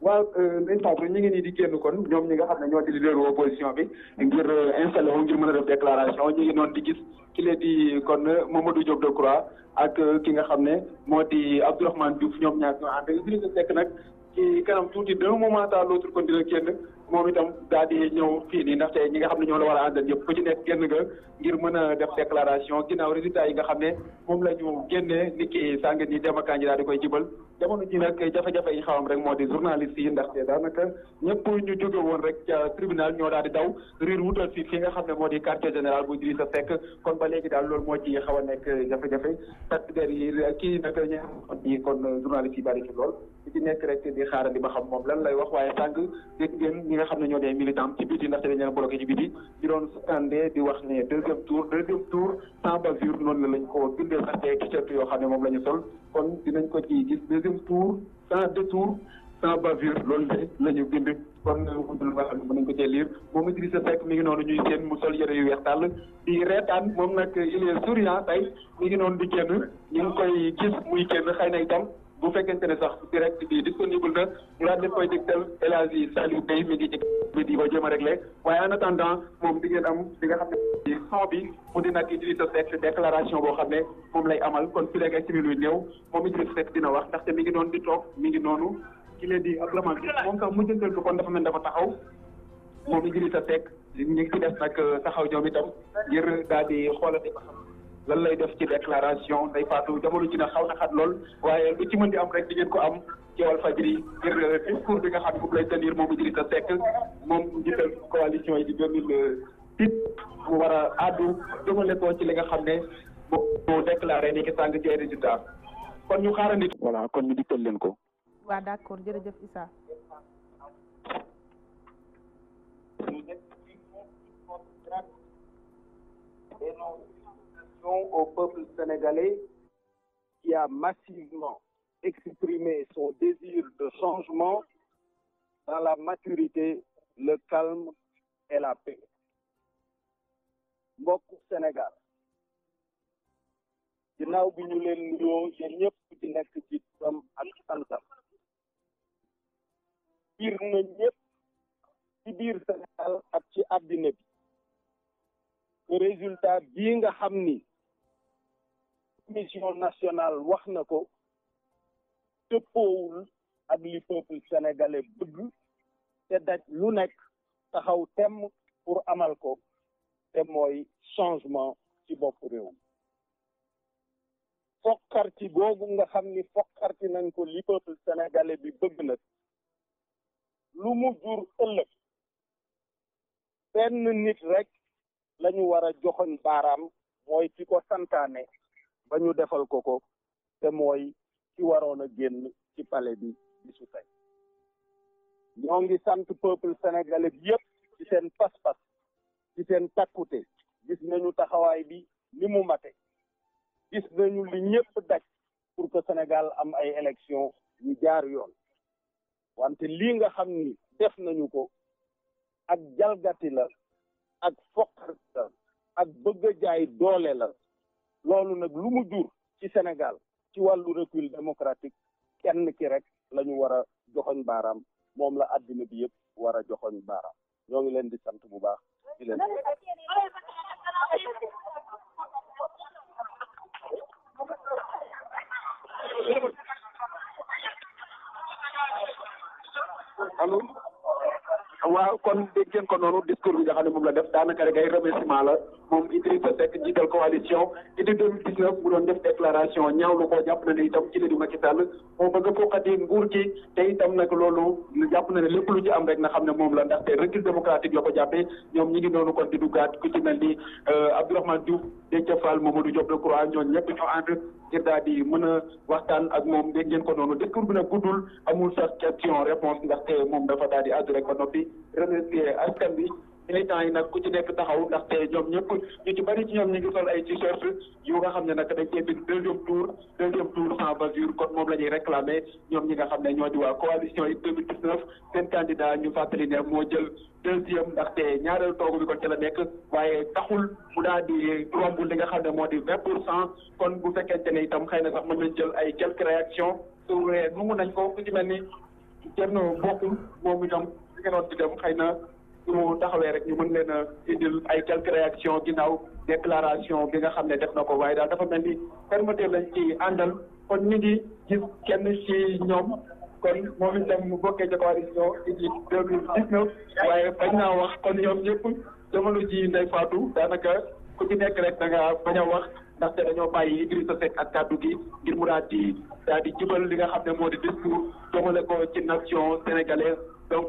waaw intant euh, ñu ngi nii di génn kon ñoom ñi nga xam ne ñoo di leader opposition bi ngir euh, installé a ki la di kon Mamadou de Decroix ak ki nga xam ne moo di Abdourahmane Diouf ñoom ñaar ñoo ànd Idrissa Seck nag ci kanam tuuti d'un moment à l'autre kon dina kenn moom itam daal ñëw fii nii ndaxte ñi nga xam ne ñoom la war a àndal ñëpp ku ci nekk génn nga ngir mën a def déclaration ginnaaw résultat yi nga xam ne moom la ñu génnee nit ki sàng ni dem ak candidat di koy jibal jamono ji nag jafe-jafe yi xawam rek moo di journaliste yi ndaxte daanaka ñëpp ñu jóge woon rek ca tribunal ñoo daal di daw riir wutal fii fi nga xam ne moo di quartier général bu Idrissa Seck kon ba léegi daal loolu moo ci xaw a nekk jafe-jafe takk der yi kii nag ñi kon journaliste yi bari lool di ci nekk rek di xaarandi ba xam moom lan lay wax waaye tànk dégg ngeen ñi nga xam ne ñoo dee militant ci biti ndaxte dañ leen bloqué ci biti di doon andee di wax ne deuxième tour deuxième tour sans bavure tour sans détour sans loolu de la ñu kon lu nga xam ne mën nañ ko cee lire ngi noonu ñuy seen mu sol yére yu weex tàll di reetaan moom nag il est souriant tey ngi noonu di génn ñu ngi koy gis muy génn xëy na itam bu fekkente ne sax direct bi disponible na ñu daal di koy dégtal El Hadji Saliou mi ngi ci bi di ko jéem a réglé waaye en attendant moom di ngeen am di nga xam ne son bi mu di nag Idrissa Seck déclaration boo xam ne moom lay amal kon fi léegi ay simili yu néew moom i Idrissa Seck dina wax ndaxte mi ngi doon di toog mi ngi noonu ki leen di ak laman moom sax mu jëntal ko kon dafa mel dafa taxaw moom Idrissa Seck ñu ngi ci des nag euh, taxaw ñoom itam ngir daal di xoolati ba lan lay def ci déclaration day faatu jamono ji na xaw na xat lool waaye lu ci mën di am rek di ngeen ko am ci Walfadjri ngir euh, discours bi nga xam ne lay tenir moom Idrissa Seck moom njiital coalition yi di deux mille dix mu war a àddu jëmale ko ci li nga xam ne moo déclaré ni ki sàng ci ay résultat kon ñu xaarandi. voilà kon ñu dikkal leen ko. waaw d'accord jërëjëf Issa. satisfaction au peuple sénégalais qui a massivement exprimé son désir de changement dans la maturité, le calme et la paix. mbokku Sénégal ginnaaw bi ñu leen nuyoo yéen ñëpp di nekk ci turam ak santam biir na ñëpp ci biir Sénégal ak ci àddina bi résultat bii nga xam ni commission nationale wax na ko tëppowul ak li peuple sénégalais bëgg te daj lu nekk taxaw temm pour amal ko te mooy changement ci bopp réew mi fokkarti googu nga xam ni fokkarti nañ ko li peuple bi bëgg na lu mu jur ëllëg benn nit rek lañu war a joxoñ baaraam mooy ki ko santaane ba ñu defal ko ko te mooy ci waroon a génn ci pale bi bi su tey ñoo ngi sant peuple sénégalais bi yëpp ci seen pas-pas ci seen takkute gis nañu taxawaay bi ni mu mate gis nañu li ñëpp daj pour que Sénégal am ay élections yu jaar yoon wante lii nga xam ni def nañu ko ak jalgati la ak foqar la ak bëgg a jaay doole la loolu nag lu mu jur ci Sénégal ci wàllu recul démocratique kenn ki rek la ñu war a joxoñ baaraam moom la àddina bi yëpp war a joxoñ baaraam ñoo ngi leen di sant bu baax di leen allo waaw kon dégg ngeen ko noonu discours bi nga moom la def daanaka rek ay remerciement la moom Idrissa Seck jiital coalition idi 2019 mu doon def déclaration ñaawlu ko jàpp na di Macky Sall moo bëgg a foqati nguur gi te itam nag loolu jàpp na ne lépp lu ci am rek na xam ne moom la ndaxte recul démocratique la ko jàppee ñoom ñi ngi noonu kon di duggaat ku ci mel ni euh, Abdourahmane Diouf Déthié Fall Mamadou Diop Decroix ñooñu ñëpp ñoo ànd ngir daal di mën a waxtaan ak moom dégg ngeen ko noonu discours bi nag guddul amul sax question réponse ndaxte moom dafa daal di ko rek ba noppi remercier askan bi militants yi nag ku ci nekk taxaw ndaxte ñoom ñëpp ñu ci bëri ci ñoom ñu ngi sol ay t-shirt yu nga xam ne nag dañ cee bind deuxième tour deuxième tour sans bavure kon moom la ñuy réclamer ñoom ñi nga xam ne ñoo di waa coalition yi 2019 seen candidat ñu fàttali ne moo jël deuxième te ñaareel toogu bi ko ci la nekk waaye taxul mu daal di romb li nga xam ne moo di vingt pour cent kon bu fekkente ne itam xëy na sax mañ nañ jël ay quelques réactions sur nañ ko ku ci ni Thierno Bocoum moom itam li nga doon xëy na ñu taxawee rek ñu mën leen a indil ay quelques réactions ginnaaw déclaration bi nga xam ne def na ko waaye daal dafa mel ni fermeté lañ ci àndal kon ñu ngi kenn ci ñoom kon moom itam mu bokkee ci coalition Idy 2019 waaye bañ naa wax kon ñoom ñëpp jamono ji Ndeye Fatou daanaka ku ci nekk rek da nga bañ a wax ndaxte dañoo bàyyi Idrissa Seck ak kàddu gi ngir mu daal di daal di jubal li nga xam ne moo di discours jëmale ko ci nation sénégalaise donc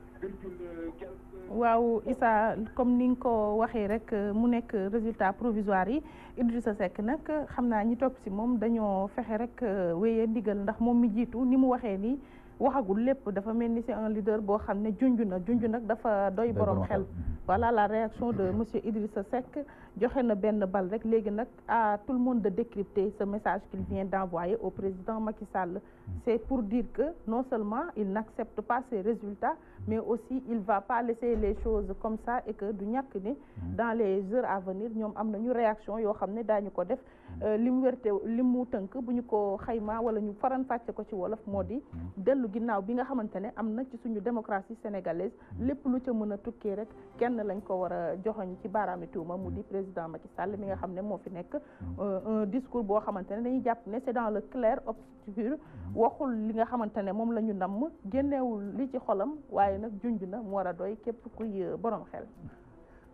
waaw Issa comme ni nga ko waxee rek mu nekk résultat provisoire yi sa sekk nag xam naa ñi topp si moom dañoo fexe rek euh, wéyee ndigal ndax moom mi jiitu ni mu waxee nii waxagul lépp dafa mel ni c'est un leader boo xam ne junj na junj nag dafa doy borom xel voilà la réaction de monsieur Idrissa Seck joxe na benn bal rek léegi nag à tout le monde de décrypter ce message qu'il vient d'envoyer au président Macky Sall hmm. c'est pour dire que non seulement il n'accepte pas ces résultats hmm. mais aussi il va pas laisser les choses comme ça et que du ñàkk ni hmm. dans les heures à venir ñoom am nañu réaction yoo xam ne daañu ko def euh, li mu werte li mu tënk bu ñu ko xayma wala ñu faran fàcce ko ci wolof moo di dellu ginnaaw bi nga xamante ne am na ci suñu démocratie sénégalaise lépp lu ca mën a tukkee rek kenn lañ ko war a joxoñ ci baaraami tuuma président Macky Sall mi nga mm-hmm. xam ne moo fi nekk mm-hmm. euh, un discours boo xamante ne dañuy jàpp ne c'est dans le clair obscur mm-hmm. waxul li nga xamante ne moom la ñu namm génnewul li ci xolam waaye nag junj na mu war a doy képp kuy euh, borom xel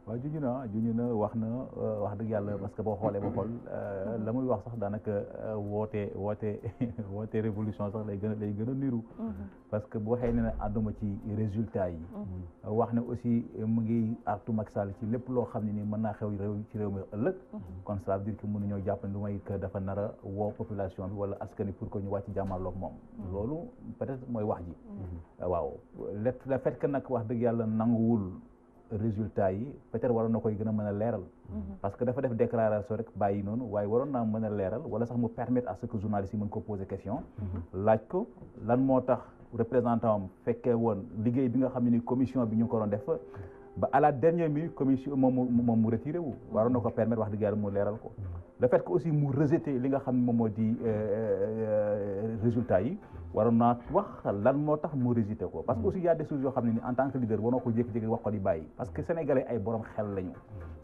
waaw juñu na juñu na wax na euh, wax dëgg yàlla parce que boo xoolee ba xool euh, la muy wax sax daanaka euh, woote woote (laughs) woote révolution sax lay gën a lay gën a niru mm-hmm. parce que boo waxee na ne àdduma ci résultat yi mm-hmm. wax ne aussi mu ngi artu Macky Sall ci lépp loo xam ne ni mën naa xew réew ci réew mi ëllëg mm-hmm. kon ça veut dire ñëw mënuñoo jàpp ne dafa nara woo population bi wala askan pour que ñu wàcc jàmmarloog moom loolu peut-être mooy wax ji waaw le fait que nag wax dëgg yàlla nanguwul résultat yi peut-être waroon na koy gën a mën a leeral mhm. parce que dafa def déclaration rek bàyyi noonu waaye waroon naa mën a leeral wala sax mu permettre à ce que journalistes yi mën ko poser question mhm. laaj ko lan moo tax représentant am fekkee woon liggéey bi nga xam ne ni commission bi ñu ko doon def mhm. ba à la dernière minute commission moom moom mu retiré wu waroon na ko permettre wax dëgg yàlla mu leeral ko le fait que aussi mu rejeté li nga xam ne moom moo di euh, euh, euh, résultat yi waroon naa wax lan moo tax mu rejeté ko parce que aussi y a des choses yoo xam ne ni en tant que leader waroo ko jékki-jékki wax ko di bàyyi parce que sénégalais ay borom xel lañu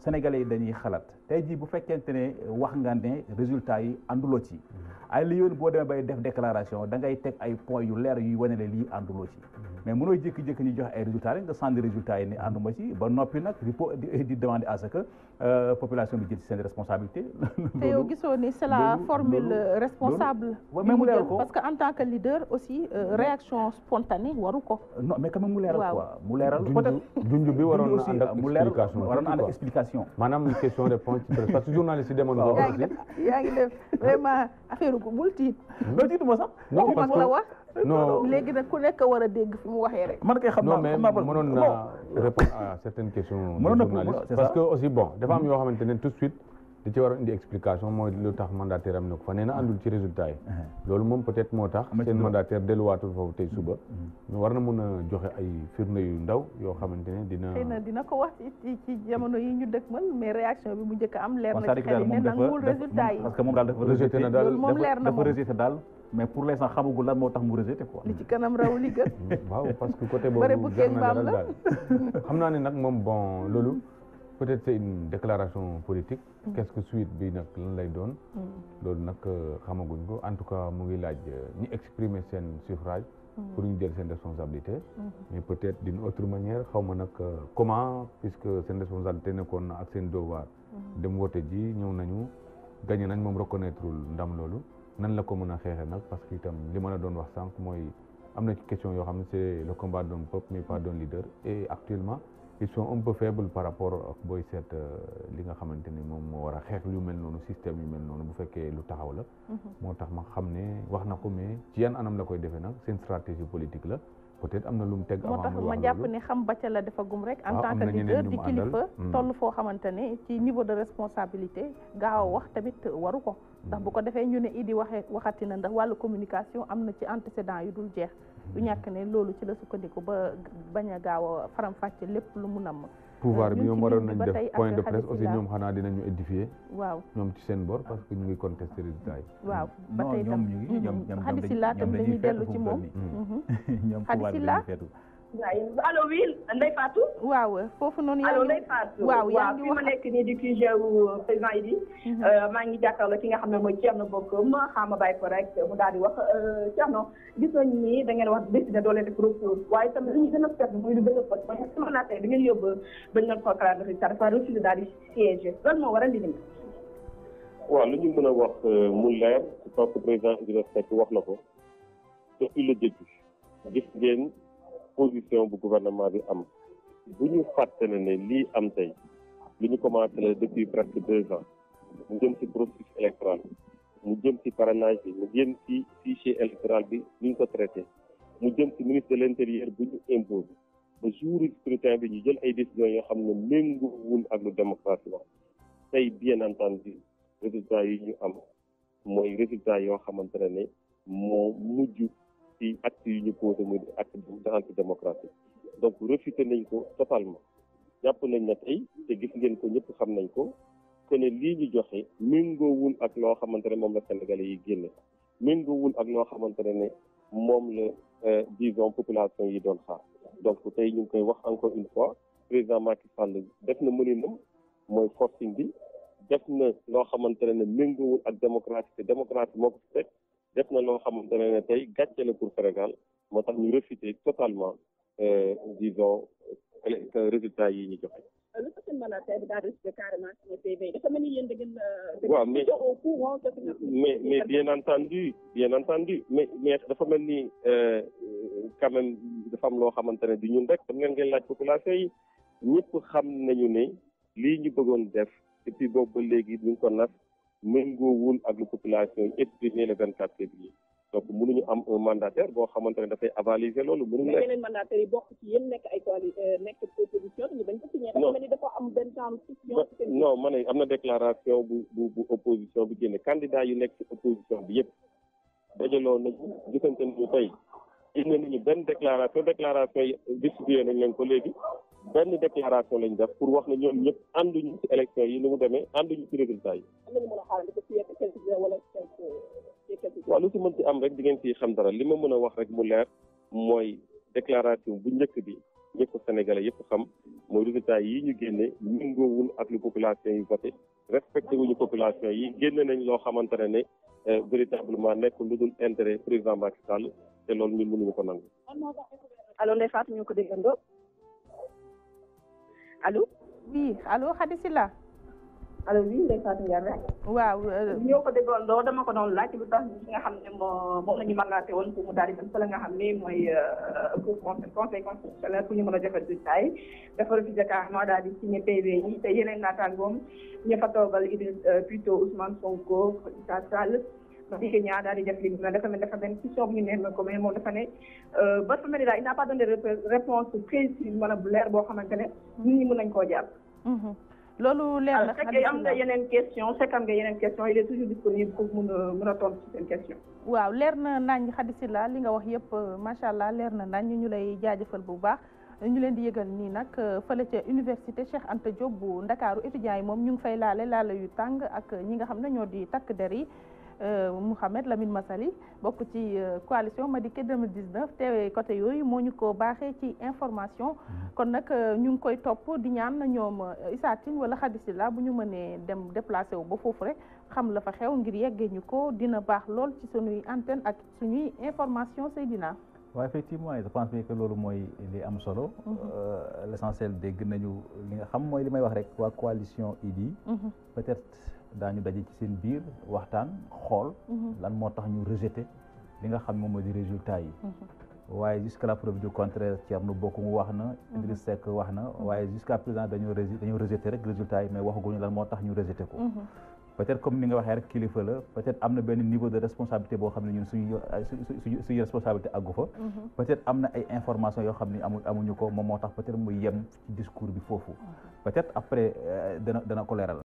sénégalais yi dañuy xalaat tey jii bu fekkente ne wax nga ne résultat yi ànduloo ci ay li yoon boo demee bay def déclaration da ngay teg ay points yu leer yuy wane ne lii ànduloo ci mais mënoo jékki-jékki ñu joxe ay résultats rek nga sànni résultats yi ne ànduma ci ba euh, bi jël ci seen responsabilité te yow gisoo leader aussi euh, mm-hmm. réaction spontanée waru ko. non mais quand même mu leeral quoi. mu leeral peut-être junj bi euh, waroon na ànd ak explication waroon na question réponse ci presse parce que journaliste yi demoon. waaw (laughs) yaa ngi ma sax. non parce que wax. non léegi ku nekk war a dégg fi mu waxee rek. man kay non na répondre à certaines questions. mënoon na parce que aussi bon dafa am mm-hmm. yoo xamante ne tout de suite. li ci waroon indi explication mooy lu tax mandataire am na ko fa nee na àndul ci résultat yi loolu moom peut moo tax seen mandataire delluwaatul foofu tey suba war na a joxe ay firnde yu ndaw yoo xamante ne dina na dina ko wax ci ci jamono yi ñu dëkkmal mais réaction bi mu njëkk a am leer na ci xel yi ne nanguwul résultat yi parce que tax mu rejeté quoi (laughs) que côté boobu bëri bu kenn la xam naa ne nag moom bon loolu peut-être c'est une déclaration politique. Mm. qu'est-ce que suite bi nag lan lay doon. Mm. loolu nag euh, xamaguñ ko en tout cas mu ngi laaj euh, ñi exprimer seen suffrage. Mm. pour ñu jël seen responsabilité. mais peut-être d'une autre manière xaw ma nag euh, comment puisque seen responsabilité nekkoon na ak seen devoir. dem woote ji ñëw nañu gagné nañ moom reconnaîtreul ndam loolu nan la ko mën a xeexee nag parce que itam li ma la doon wax sànq mooy am na ci question yoo xam ne c'est le combat d'un peuple mais actuellement. ils sont un peu faibles par rapport ak booy seet euh, li nga xamante ni moom moo war a xeex lu mel noonu système yu mel noonu bu fekkee lu taxaw la. Mhm. moo tax ma xam ne wax na ko mais ci yan anam la koy defee nag seen stratégie politique la peut-être am na lu mu teg. avant moo tax ma jàpp ne xam bàcc la defagum gum rek. en ah, tant que leader di kilifa toll hmm. foo xamante ne ci niveau de responsabilité gaaw wax tamit waru ko. ndax bu hmm. ko defee ñu ne Idi waxee waxati na ndax wàllu communication na ci antécédent yu dul jeex. du ñàkk ne loolu ci la sukkandiku ba bañ a gaaw a faram-fàcce lépp lu mu namm. pouvoir euh, bi ñoom waroon nañ def point de presse aussi ñoom xanaa dinañu édifier. waaw ñoom ci seen bor parce que ñu ngi contester résultat yi. waaw ba tey tam ñoom ñu ngi ñoom ñoom dañuy feetu foofu tamit mhm. (laughs) ñoom pouvoir bi dañuy feetu. allo oui Ndeye Fatou. waaw foofu noonu yaa ngi. allo Ndeye Fatou. waaw yaa ngi wax waaw nii di QG wu euh, président Idy. Mhm. Euh, maa ngi jàkkaarloo ki nga xam ne mooy Thierno Bocoum xam ma bàyyi ko rek mu daal di wax euh, Thierno gis nañu ni da ngeen wax décidé doo leen def recours waaye itam li ñu gën a seetlu muy lu gën a da ngeen yóbbu ba ñu doon procureur de résultat dafa daal di siéger lan moo waral li ni waaw lu ñu mën a wax mu leer je pense que président Idrissa wax na ko depuis le début gis ngeen. position bu gouvernement bi am bu ñu fàtte ne ne lii am tey lu ñu commencé la depuis presque deux ans mu jëm ci processus électoral mu jëm ci parrainage bi mu jëm ci fichier électoral bi ni ñu ko traité mu jëm ci ministre de l' bu ñu imposé ba jour yi bi ñu jël ay décisions yoo xam ne méngoowul ak lu démocratie wax tey bien bi résultat yi ñu am mooy résultat yoo xamante ne moo mujj ci acte yu ñu posé muy acte de antidémocratique donc refuté nañ ko totalement jàpp nañ na tey te gis ngeen ko ñëpp xam nañ ko que ne lii ñu joxe méngoowul ak loo xamante ne moom la sénégalais yi génne méngoowul ak loo xamante ne moom la euh, disons population yi doon xaar donc tey ñu ngi koy wax encore une fois président Macky Sall def na mëninam mooy forcing bi def na loo xamante ne méngoowul ak démocratie te démocratie moo ko fi teg def na noo xamante ne ne tey gàcce la pour Sénégal moo tax ñu refuté totalement euh, disons euh, résultat yi ñu joxe. lu ko mën a tey daal rejeté carrément suñu dafa mel ni yéen da ngeen euh, waaw mais mais bien entendu bien entendu mais mais dafa mel ni quand dafa am loo xamante ne di ñun rek tam ngeen ngeen laaj population yi ñëpp xam nañu ni lii ñu bëggoon def depuis boobu ba léegi ñu ngi ko nas méngoowul ak lu population yi exigé le 24 février donc mënuñu am un boo xamante ne dafay avaliser loolu. mënuñu nekk mais yeneen mandataires yi bokk nekk ay coalition euh, nekk opposition ñu bañ ko am benn genre ma ne am na déclaration bu bu bu opposition bi génne candidat yu nekk ci opposition bi yëpp dajaloo nañu gisante ñu tey. gis nañu benn déclaration déclaration yi distribué nañ leen ko léegi benn déclaration lañ def pour wax ne ñoom ñëpp ànduñu ci élection yi ni mu demee ànduñu ci résultat yi. waaw lu si mën ci am rek di ngeen ciy xam dara li ma mën a wax rek mu leer mooy déclaration bu njëkk bi ñëpp ko sénégalais yëpp xam mooy résultat yi ñu génne méngoowul ak lu population yi voté respecté wuñu population yi génne nañ loo xamante ne ne euh, véritablement nekk lu dul intérêt président Macky Sall te loolu ñun mënuñu ko nangu. allo. oui allo Khady Sylla. allo oui Ndeye Fatou Ndiaye rek. waaw. Euh, euh, ñoo ko déggoon doo dama ko doon laaj bu tax ñi nga xam ne moo moom la ñu mandaté woon pour mu daal di dem fa la nga xam ne mooy pour euh, conseil constitutionnel pour ñu mën a joxe résultat yi dafa refusé carrément daal di signé PV yi te yeneen naataangoom ña fa toogal Idriss plutôt Ousmane Sonko Issa Sall Kenya daal di def li mu ne dafa mel dafa mel question bu ñu ne ko mais moom dafa ne euh, ba dafa mel ni daal il n'a pas donné réponse précise maanaam bu leer boo xamante ne nit nañ koo jàpp. Mm-hmm. loolu leer na fekkee am nga yeneen question fekk am nga yeneen question il est toujours mun a mun a tontu ci waaw leer na nañ xadisi la li nga wax yëpp euh, macha allah leer na nañ ñu lay jaajëfal bu baax ñu leen di yëgal nii nag euh, fële ca université Cheikh Anta Diop bu Ndakaaru étudiants yi moom ñu ngi fay laale laale yu tàng ak ñi nga xam ne ñoo di takk der yi Euh, Mouhamed Lamine Massali bokk ci euh, coalition Madické 2019 teewee côté yooyu moo ñu ko baaxee ci information mhm. kon nag euh, ñu ngi koy topp di ñaan ñoom Issa Tine wala Khady Sylla bu ñu mënee dem déplacé wu ba foofu rek xam la fa xew ngir yeggee ñu ko dina baax lool ci suñuy antenne ak suñuy information Seydina waaw effectivement je pense bien que loolu mooy li am solo mhm. l' essentiel dégg nañu li nga xam mooy li may wax rek waa coalition Idy mhm. peut daañu daje ci seen biir waxtaan xool. Mhm. lan moo tax ñu rejeté li nga xam moom moo di résultat yi. Mhm. waaye jusqu'à la preuve du contraire Thierno Bocoum wax na. Mhm. Idriss Seck wax na waaye jusqu'à présent dañoo dañoo rejeté rek résultat yi mais waxaguñu lan moo tax ñu rejeté ko. peut comme ni nga waxee rek kilifa la peut am na benn niveau de responsabilité boo xam ne ñun suñu suñu suñu fa. peut am na ay informations yoo xam ne amuñu ko moom moo tax peut mu yem ci discours bi foofu. peut après euh, dana dana